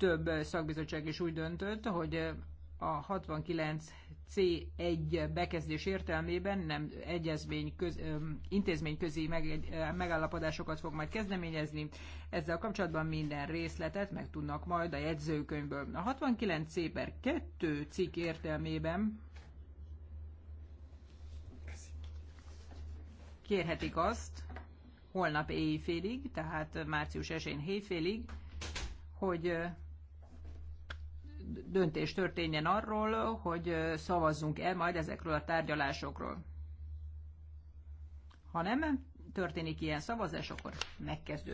több eh, szakbizottság is úgy döntött, hogy eh, a 69C1 bekezdés értelmében nem egyezmény köz, intézményközi meg, eh, megállapodásokat fog majd kezdeményezni. Ezzel kapcsolatban minden részletet meg tudnak majd a jegyzőkönyvből. A 69C per 2 cikk értelmében kérhetik azt holnap éjfélig, tehát március esén héjfélig, hogy döntés történjen arról, hogy szavazzunk-e majd ezekről a tárgyalásokról. Ha nem történik ilyen szavazás, akkor megkezdődik.